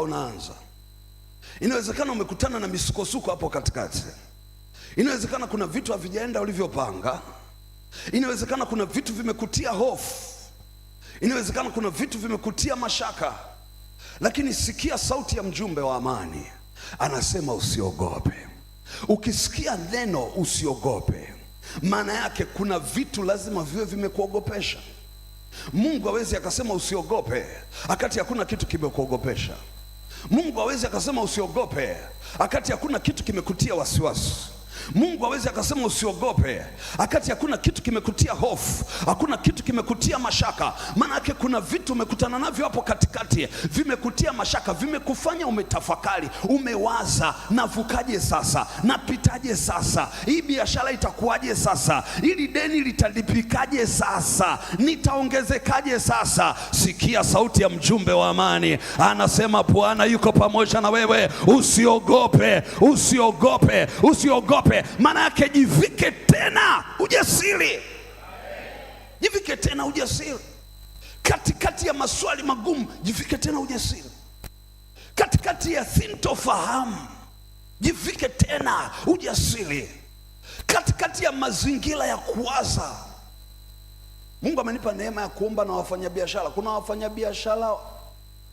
unaanza. Inawezekana umekutana na misukosuko hapo katikati. Inawezekana kuna vitu havijaenda ulivyopanga. Inawezekana kuna vitu vimekutia hofu. Inawezekana kuna vitu vimekutia mashaka. Lakini sikia sauti ya mjumbe wa amani. Anasema usiogope. Ukisikia neno usiogope, maana yake kuna vitu lazima viwe vimekuogopesha. Mungu hawezi akasema usiogope akati hakuna kitu kimekuogopesha. Mungu hawezi akasema usiogope, akati hakuna kitu kimekutia wasiwasi. Mungu hawezi akasema usiogope akati hakuna kitu kimekutia hofu, hakuna kitu kimekutia mashaka. Maana yake kuna vitu umekutana navyo hapo katikati, vimekutia mashaka, vimekufanya umetafakari, umewaza, navukaje sasa, napitaje sasa, hii biashara itakuwaje sasa, hili deni litalipikaje sasa, nitaongezekaje sasa. Sikia sauti ya mjumbe wa amani, anasema Bwana yuko pamoja na wewe, usiogope, usiogope, usiogope nyeupe. Maana yake jivike tena ujasiri, jivike tena ujasiri katikati ya maswali magumu, jivike tena ujasiri katikati ya sintofahamu, jivike tena ujasiri katikati ya mazingira ya kuwaza. Mungu amenipa neema ya kuomba na wafanyabiashara. Kuna wafanyabiashara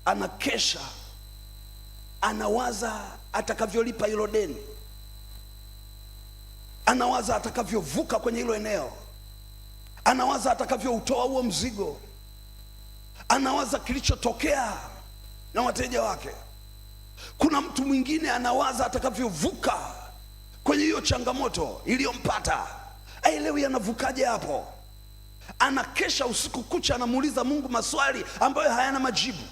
anakesha, anawaza atakavyolipa hilo deni anawaza atakavyovuka kwenye hilo eneo, anawaza atakavyoutoa huo mzigo, anawaza kilichotokea na wateja wake. Kuna mtu mwingine anawaza atakavyovuka kwenye hiyo changamoto iliyompata, aelewi anavukaje hapo. Anakesha usiku kucha, anamuuliza Mungu maswali ambayo hayana majibu,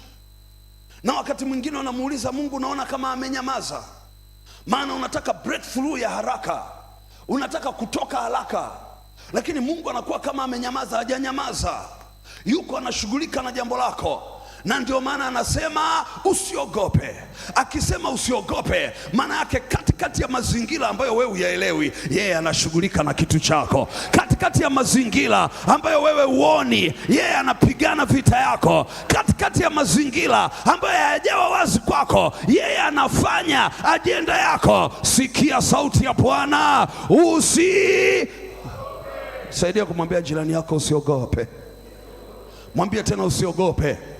na wakati mwingine unamuuliza Mungu, unaona kama amenyamaza, maana unataka breakthrough ya haraka unataka kutoka haraka, lakini Mungu anakuwa kama amenyamaza. Hajanyamaza, yuko anashughulika na jambo lako na ndio maana anasema usiogope. Akisema usiogope, maana yake katikati ya mazingira ambayo wewe uyaelewi, yeye anashughulika na kitu chako Kat katikati ya mazingira ambayo wewe uoni, yeye yeah, anapigana vita yako katikati ya mazingira ambayo hayajawa wazi kwako, yeye yeah, anafanya ajenda yako. Sikia sauti ya Bwana, usi saidia kumwambia jirani yako usiogope. Mwambie tena usiogope.